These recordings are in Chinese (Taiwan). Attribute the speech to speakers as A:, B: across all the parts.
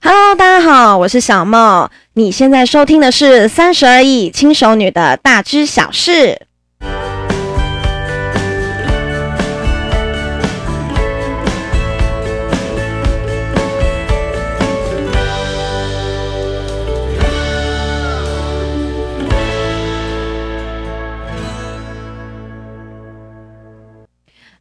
A: 哈嘍，大家好，我是小夢，你現在收聽的是《三十而已》輕熟女的大知小事。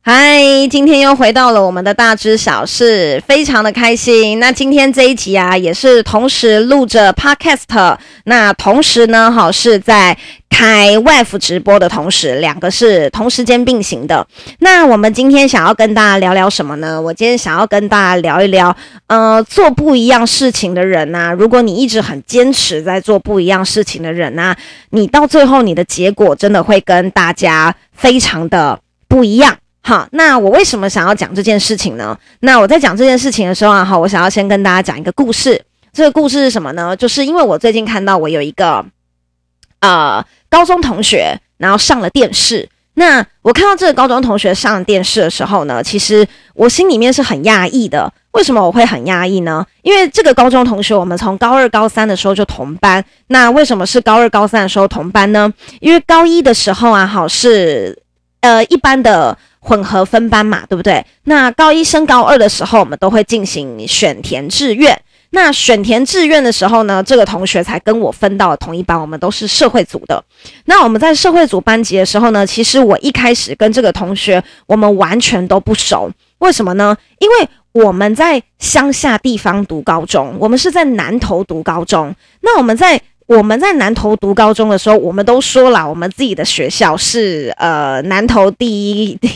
A: 嗨，今天又回到了我們的大知小事，非常的開心。那今天這一集啊，也是同時錄着 podcast，那同時呢，好，是在開 wife 直播的同時，兩個是同時間並行的。那我們今天想要跟大家聊聊什麼呢？我今天想要跟大家聊一聊，呃，做不一樣事情的人吶、啊，如果你一直很堅持在做不一樣事情的人吶、啊，你到最後你的結果真的會跟大家非常的不一樣。好，那我為什麼想要講這件事情呢？那我在講這件事情的時候啊，好，我想要先跟大家講一個故事。這個故事是什麼呢？就是因為我最近看到我有一個呃高中同學，然後上了電視。那我看到這個高中同學上了電視的時候呢，其實我心裡面是很壓抑的。為什麼我會很壓抑呢？因為這個高中同學，我們從高二、高三的時候就同班。那為什麼是高二、高三的時候同班呢？因為高一的時候啊，好，是呃一般的。混合分班嘛，對不對？那高一升高二的時候，我們都會進行選填志願。那選填志願的時候呢，這個同學才跟我分到了同一班，我們都是社會組的。那我們在社會組班級的時候呢，其實我一開始跟這個同學，我們完全都不熟。為什麼呢？因為我們在鄉下地方讀高中，我們是在南投讀高中。那我們在我們在南投讀高中的時候，我們都說了，我們自己的學校是呃南投第一第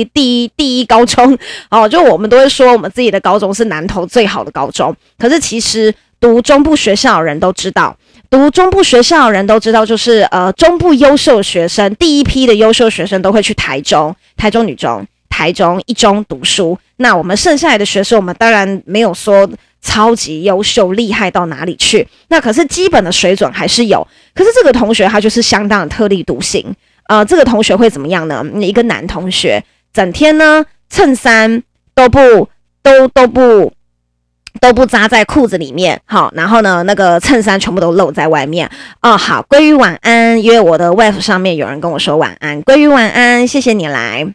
A: 一第一第一高中哦，就我們都會說我們自己的高中是南投最好的高中。可是其實讀中部學校的人都知道，讀中部學校的人都知道，就是呃中部優秀學生第一批的優秀學生都會去台中、台中女中、台中一中讀書。那我們剩下來的學生，我們當然沒有說。超級優秀，厲害到哪裡去？那可是基本的水準還是有。可是這個同學他就是相當的特立獨行。呃，這個同學會怎麼樣呢？一個男同學，整天呢，襯衫都不都都不都不紮在褲子裡面，好，然後呢那個襯衫全部都露在外面。哦，好，鮭魚晚安，因為我的 wife 上面有人跟我說晚安，鮭魚晚安，謝謝你來。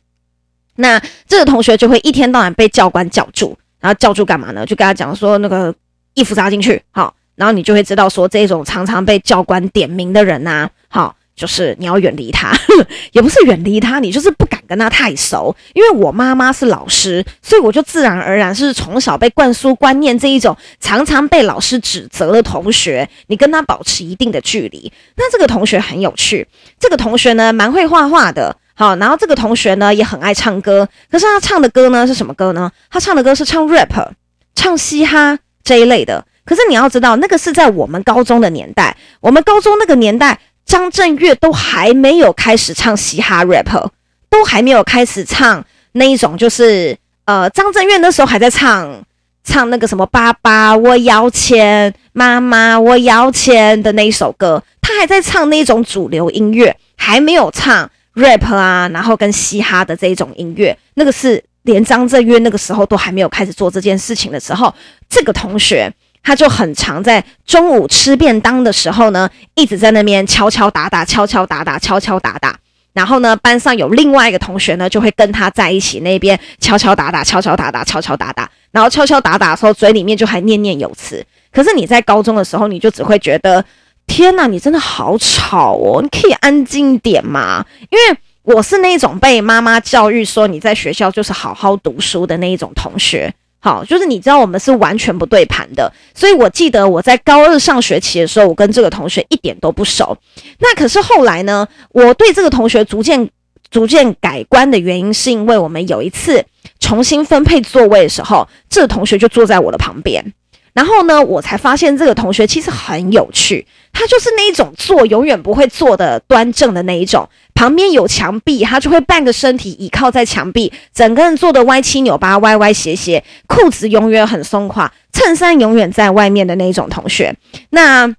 A: 那這個同學就會一天到晚被教官叫住。然後叫住幹嘛呢？就跟他講說那個衣服扎進去，好，然後你就會知道說這種常常被教官點名的人吶、啊，好，就是你要遠離他，也不是遠離他，你就是不敢跟他太熟。因為我媽媽是老師，所以我就自然而然，是從小被灌輸觀念，這一種常常被老師指責的同學，你跟他保持一定的距離。那這個同學很有趣，這個同學呢，蠻會畫畫的。好，然後這個同學呢也很愛唱歌，可是他唱的歌呢是什麼歌呢？他唱的歌是唱 rap、唱嘻哈這一類的。可是你要知道，那個是在我們高中的年代，我們高中那個年代，張震岳都還沒有開始唱嘻哈 rap，都還沒有開始唱那一種，就是呃，張震岳那時候還在唱唱那個什麼“爸爸我要錢，媽媽我要錢”的那一首歌，他還在唱那種主流音樂，還沒有唱。rap 啊，然後跟嘻哈的這一種音樂，那個是連張震嶽那個時候都還沒有開始做這件事情的時候，這個同學他就很常在中午吃便當的時候呢，一直在那邊敲敲打打，敲敲打打，敲敲打打。然後呢，班上有另外一個同學呢，就會跟他在一起那邊敲敲打打，敲敲打打，敲敲打打，敲敲打打。然後敲敲打打的時候，嘴裡面就還念念有詞。可是你在高中的時候，你就只會覺得。天吶，你真的好吵哦！你可以安靜點嗎？因為我是那種被媽媽教育說你在學校就是好好讀書的那一種同學。好，就是你知道我們是完全不對盤的，所以我記得我在高二上學期的時候，我跟這個同學一點都不熟。那可是後來呢，我對這個同學逐漸逐漸改觀的原因是因為我們有一次重新分配座位的時候，這個同學就坐在我的旁邊。然後呢，我才發現這個同學其實很有趣，他就是那一種坐永遠不會坐得端正的那一種，旁邊有牆壁，他就會半個身體倚靠在牆壁，整個人坐得歪七扭八、歪歪斜斜，褲子永遠很鬆垮，襯衫永遠在外面的那一種同學。那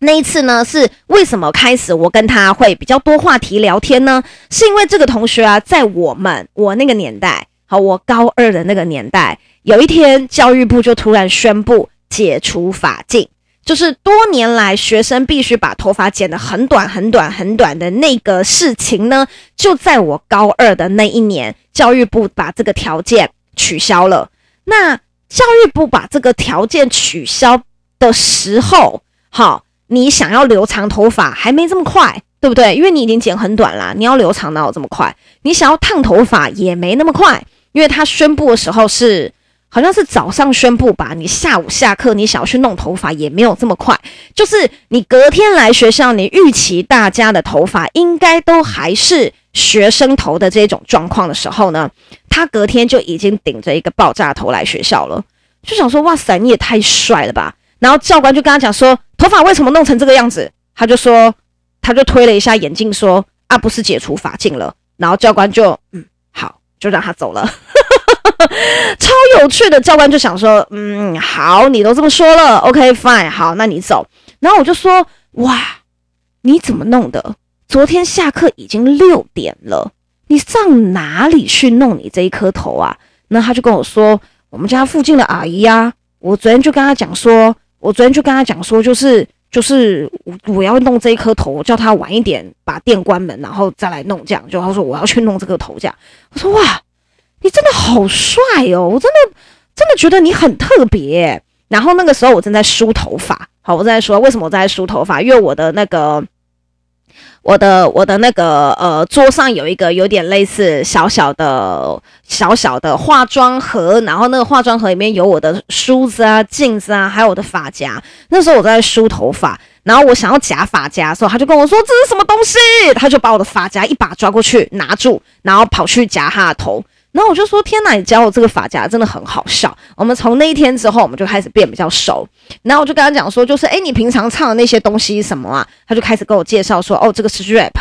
A: 那一次呢，是為什麼開始我跟他會比較多話題聊天呢？是因為這個同學啊，在我們我那個年代和我高二的那個年代。有一天，教育部就突然宣布解除髮禁，就是多年來學生必須把頭髮剪得很短、很短、很短的那個事情呢，就在我高二的那一年，教育部把這個條件取消了。那教育部把這個條件取消的時候，好、哦，你想要留長頭髮還沒這麼快，對不對？因為你已經剪很短了，你要留長哪有這麼快？你想要燙頭髮也沒那麼快，因為他宣布的時候是。好像是早上宣布吧，你下午下課，你想要去弄頭髮也沒有這麼快。就是你隔天來學校，你預期大家的頭髮應該都還是學生頭的這種狀況的時候呢，他隔天就已經頂着一個爆炸頭來學校了，就想說哇塞，你也太帥了吧。然後教官就跟他講說，頭髮為什麼弄成這個樣子？他就說，他就推了一下眼鏡說，啊，不是解除髮禁了。然後教官就，嗯，好，就讓他走了。 超有趣的，教官就想說，嗯，好，你都這麼說了，OK fine，好，那你走。然後我就說，哇，你怎麼弄的？昨天下課已經六點了，你上哪裡去弄你這一顆頭啊？那他就跟我說，我們家附近的阿姨啊。我昨天就跟他講說，我昨天就跟他講說、就是，就是就是我我要弄這一顆頭，叫他晚一點把店關門，然後再來弄這樣。就他說我要去弄這個頭這樣。我說哇。你真的好帥哦！我真的，真的覺得你很特別。然後那個時候我正在梳頭髮，好，我正在說為什麼我在梳頭髮，因為我的那個，我的我的那個，呃，桌上有一個有點類似小小的小小的化妝盒，然後那個化妝盒裡面有我的梳子啊、鏡子啊，還有我的髮夾。那時候我在梳頭髮，然後我想要夾髮夾的時候，所以他就跟我說，這是什麼東西，他就把我的髮夾一把抓過去拿住，然後跑去夾他的頭。然後我就說：“天哪，你教我這個髮夾真的很好笑。”我們從那一天之後，我們就開始變比較熟。然後我就跟他講說：“就是，哎，你平常唱的那些東西什麼啊？”他就開始跟我介紹說：“哦，這個是 rap，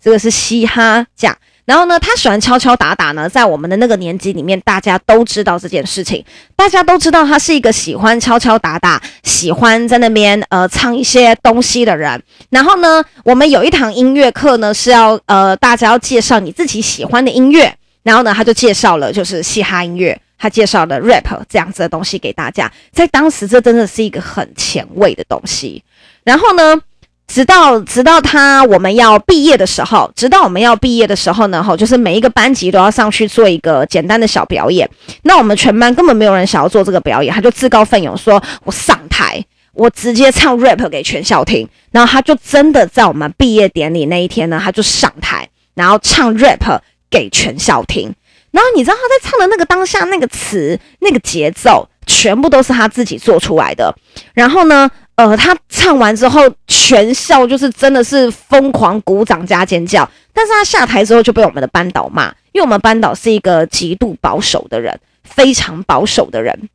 A: 這個是嘻哈這樣。”然後呢，他喜歡敲敲打打呢，在我們的那個年級裡面，大家都知道這件事情，大家都知道他是一個喜歡敲敲打打、喜歡在那邊呃唱一些東西的人。然後呢，我們有一堂音樂課呢是要呃大家要介紹你自己喜歡的音樂。然後呢，他就介紹了就是嘻哈音樂，他介紹了 rap 這樣子的東西給大家。在當時，這真的是一個很前衛的東西。然後呢，直到直到他我們要畢業的時候，直到我們要畢業的時候呢，吼，就是每一個班級都要上去做一個簡單的小表演。那我們全班根本沒有人想要做這個表演，他就自告奮勇說：“我上台，我直接唱 rap 給全校聽。”然後他就真的在我們畢業典禮那一天呢，他就上台，然後唱 rap。給全校聽，然後你知道他在唱的那個當下，那個詞、那個節奏，全部都是他自己做出來的。然後呢，呃，他唱完之後，全校就是真的是瘋狂鼓掌加尖叫。但是他下台之後就被我們的班導罵，因為我們班導是一個極度保守的人，非常保守的人。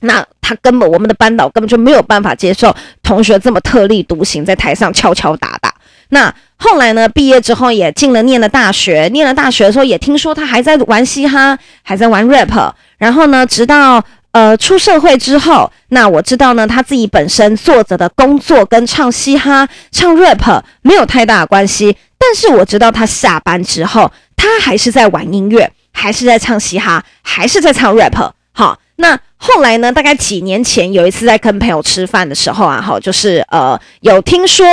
A: 那他根本，我們的班導根本就沒有辦法接受同學這麼特立獨行，在台上敲敲打打。那後來呢？畢業之後也進了念了大學，念了大學的時候也聽說他還在玩嘻哈，還在玩 rap。然後呢，直到呃出社會之後，那我知道呢，他自己本身做着的工作跟唱嘻哈、唱 rap 沒有太大的關係。但是我知道他下班之後，他還是在玩音樂，還是在唱嘻哈，還是在唱 rap。好，那後來呢？大概幾年前有一次在跟朋友吃飯的時候啊，好，就是呃有聽說。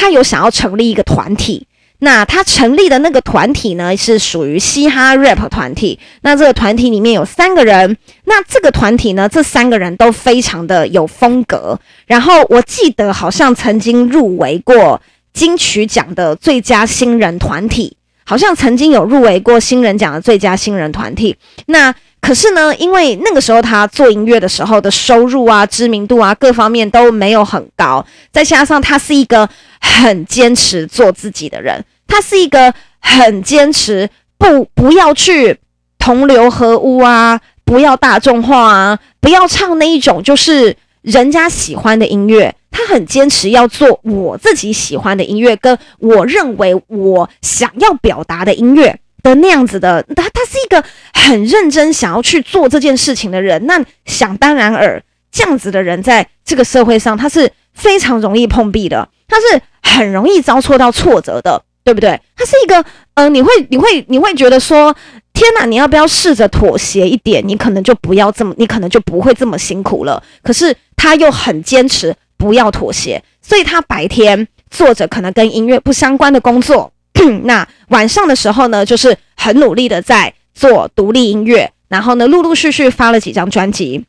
A: 他有想要成立一個團體，那他成立的那個團體呢，是屬於嘻哈 rap 團體。那這個團體裡面有三個人，那這個團體呢，這三個人都非常的有風格。然後我記得好像曾經入圍過金曲獎的最佳新人團體，好像曾經有入圍過新人獎的最佳新人團體。那可是呢，因為那個時候他做音樂的時候的收入啊、知名度啊，各方面都沒有很高，再加上他是一個很堅持做自己的人，他是一個很堅持，不不要去同流合污啊，不要大眾化啊，不要唱那一種就是人家喜歡的音樂，他很堅持要做我自己喜歡的音樂，跟我認為我想要表達的音樂。的那樣子的，他他是一個很認真想要去做這件事情的人。那想當然耳，這樣子的人在這個社會上，他是非常容易碰壁的，他是很容易遭受到挫折的，對不對？他是一個，呃，你會你會你會覺得說，天哪，你要不要試着妥協一點？你可能就不要這麼，你可能就不會這麼辛苦了。可是他又很堅持不要妥協，所以他白天做着可能跟音樂不相關的工作。嗯，那晚上的時候呢，就是很努力的在做獨立音樂，然後呢，陸陸續續發了幾張專輯，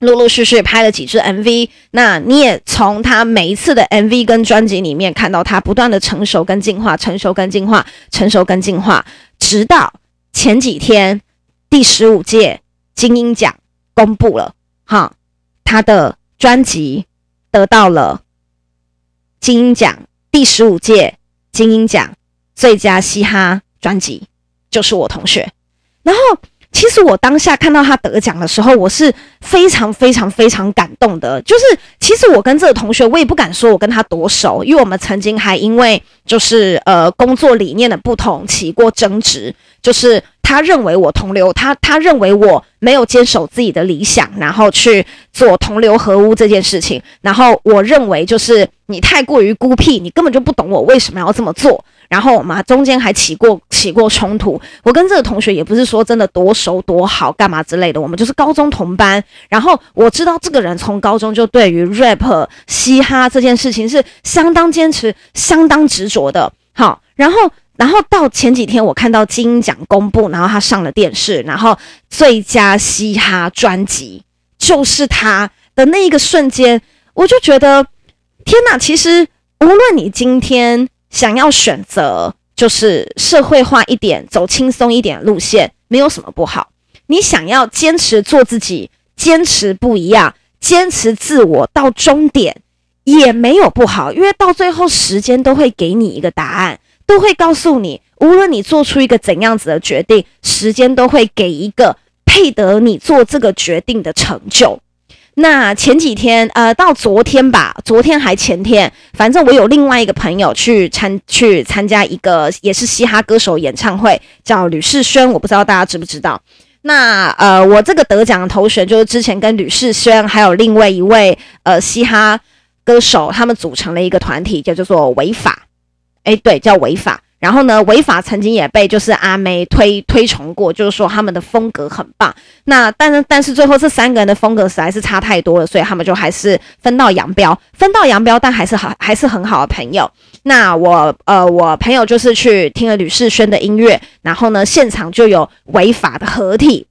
A: 陸陸續續拍了幾支 MV。那你也從他每一次的 MV 跟專輯裡面看到他不斷的成熟跟進化，成熟跟進化，成熟跟進化，進化，直到前幾天第十五屆金鷹獎公布了，哈，他的專輯得到了金鷹獎，第十五屆金鷹獎。最佳嘻哈專輯就是我同學。然後其實我當下看到他得獎的時候，我是非常非常非常感動的。就是其實我跟這個同學，我也不敢說我跟他多熟，因為我們曾經還因為就是呃工作理念的不同起過爭執。就是他認為我同流，他他認為我沒有堅守自己的理想，然後去做同流合污這件事情。然後我認為就是你太過於孤僻，你根本就不懂我為什麼要這麼做。然後我們中間還起過起過衝突。我跟這個同學也不是說真的多熟多好幹嘛之類的，我們就是高中同班。然後我知道這個人從高中就對於 rap 嘻哈這件事情是相當堅持、相當執着的。好，然後。然後到前幾天，我看到金音獎公布，然後他上了電視，然後最佳嘻哈專輯就是他的那一個瞬間，我就覺得天哪！其實無論你今天想要選擇，就是社會化一點，走輕鬆一點路線，沒有什麼不好。你想要堅持做自己，堅持不一樣，堅持自我到終點也沒有不好，因為到最後時間都會給你一個答案。都會告訴你，無論你做出一個怎樣子的決定，時間都會給一個配得你做這個決定的成就。那前幾天，呃，到昨天吧，昨天還前天，反正我有另外一個朋友去參去參加一個也是嘻哈歌手演唱會，叫呂士軒，我不知道大家知不知道。那呃，我這個得獎的頭銜就是之前跟呂士軒，還有另外一位呃嘻哈歌手，他們組成了一個團體，叫叫做違法。哎、欸，對，叫違法。然後呢，違法曾經也被就是阿妹推推崇過，就是說他們的風格很棒。那，但是，但是最後這三個人的風格實在是差太多了，所以他們就還是分道揚鑣。分道揚鑣，但還是好，還是很好的朋友。那我，呃，我朋友就是去聽了呂士軒的音樂，然後呢，現場就有違法的合體。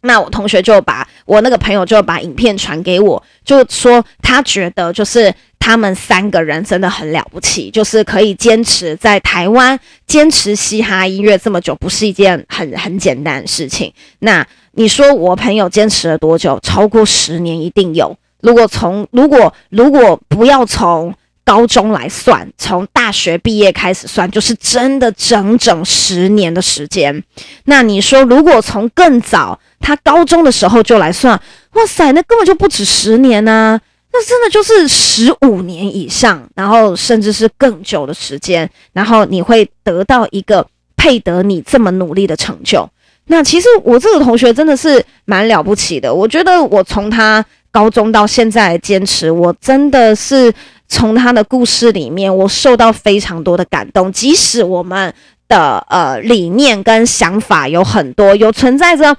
A: 那我同學就把我那個朋友就把影片傳給我，就說他覺得就是。他們三個人真的很了不起，就是可以堅持在台灣堅持嘻哈音樂這麼久，不是一件很很簡單的事情。那你說我朋友堅持了多久？超過十年一定有。如果從如果如果不要從高中來算，從大學畢業開始算，就是真的整整十年的時間。那你說，如果從更早他高中的時候就來算，哇塞，那根本就不止十年呢、啊。那真的就是十五年以上，然後甚至是更久的時間，然後你會得到一個配得你這麼努力的成就。那其實我這個同學真的是蠻了不起的，我覺得我從他高中到現在堅持，我真的是從他的故事裡面我受到非常多的感動。即使我們的呃理念跟想法有很多，有存在着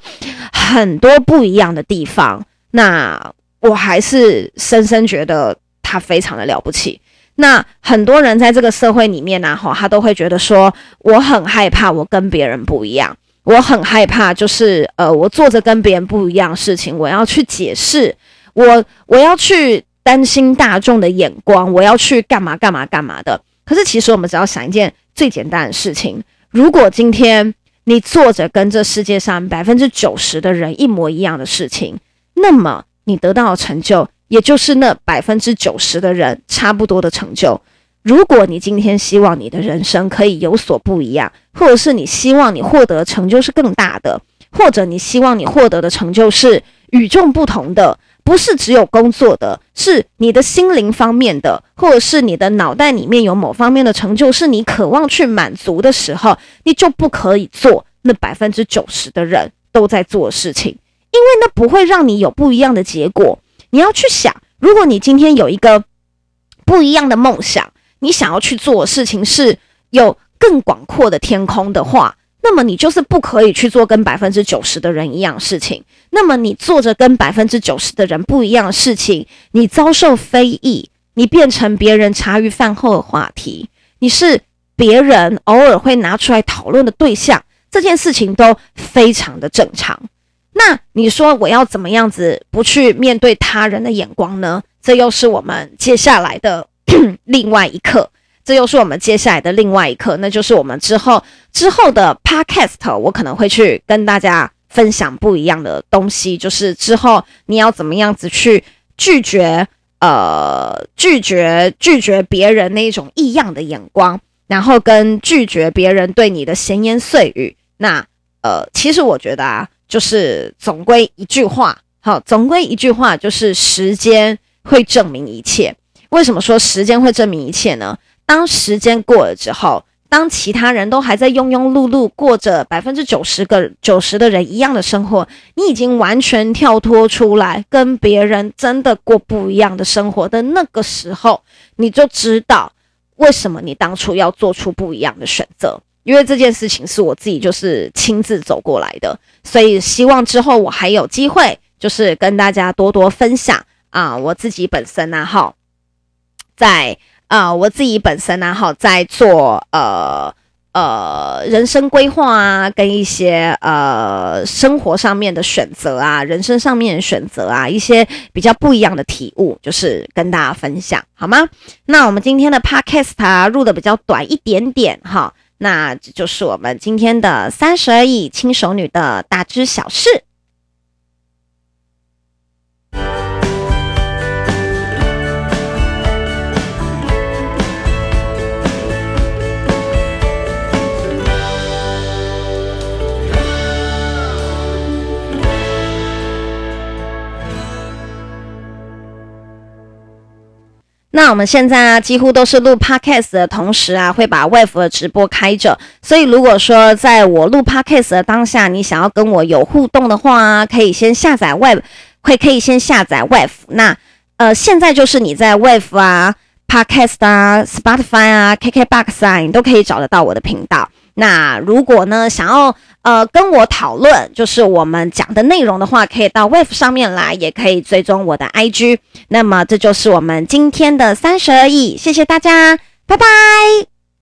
A: 很多不一樣的地方，那，我還是深深覺得他非常的了不起。那很多人在這個社會裡面呢、啊，哈，他都會覺得說，我很害怕，我跟別人不一樣，我很害怕，就是呃，我做着跟別人不一樣的事情，我要去解釋，我我要去擔心大眾的眼光，我要去幹嘛幹嘛幹嘛的。可是其實我們只要想一件最簡單的事情：如果今天你做着跟這世界上百分之九十的人一模一樣的事情，那麼。你得到的成就，也就是那百分之九十的人差不多的成就。如果你今天希望你的人生可以有所不一樣，或者是你希望你獲得的成就是更大的，或者你希望你獲得的成就是與眾不同的，不是只有工作的，是你的心靈方面的，或者是你的腦袋裡面有某方面的成就，是你渴望去滿足的時候，你就不可以做那百分之九十的人都在做的事情。因為那不會讓你有不一樣的結果。你要去想，如果你今天有一個不一樣的夢想，你想要去做的事情是有更廣闊的天空的話，那麼你就是不可以去做跟百分之九十的人一樣事情。那麼你做着跟百分之九十的人不一樣的事情，你遭受非議，你變成別人茶餘飯後的話題，你是別人偶爾會拿出來討論的對象，這件事情都非常的正常。那你說我要怎麼樣子不去面對他人的眼光呢？這又是我們接下來的 另外一課。這又是我們接下來的另外一課，那就是我們之後之後的 podcast，我可能會去跟大家分享不一樣的東西。就是之後你要怎麼樣子去拒絕呃拒絕拒絕別人那種異樣的眼光，然後跟拒絕別人對你的閒言碎語。那呃，其實我覺得啊。就是總歸一句話，好、哦，總歸一句話就是時間會證明一切。為什麼說時間會證明一切呢？當時間過了之後，當其他人都還在庸庸碌碌過着百分之九十個九十的人一樣的生活，你已經完全跳脫出來，跟別人真的過不一樣的生活的那個時候，你就知道為什麼你當初要做出不一樣的選擇。因為這件事情是我自己就是親自走過來的，所以希望之後我還有機會，就是跟大家多多分享啊、呃，我自己本身啊，哈，在啊、呃，我自己本身啊，哈，在做呃呃人生規劃啊，跟一些呃生活上面的選擇啊，人生上面的選擇啊，一些比較不一樣的體悟，就是跟大家分享，好嗎？那我們今天的 podcast 錄、啊、的比較短一點點，哈。那這就是我們今天的三十而已，輕熟女的大知小事。那我們現在啊，幾乎都是錄 podcast 的同時啊，會把 Wave 的直播開着。所以如果說在我錄 podcast 的當下，你想要跟我有互動的話，啊，可以先下載 Wave，會可，可以先下載 Wave 那。那呃，現在就是你在 Wave 啊、podcast 啊、Spotify 啊、KK Box 啊，你都可以找得到我的頻道。那如果呢，想要呃跟我討論，就是我們講的內容的話，可以到 Wave 上面來，也可以追蹤我的 IG。那麼這就是我們今天的三十而已，謝謝大家，拜拜。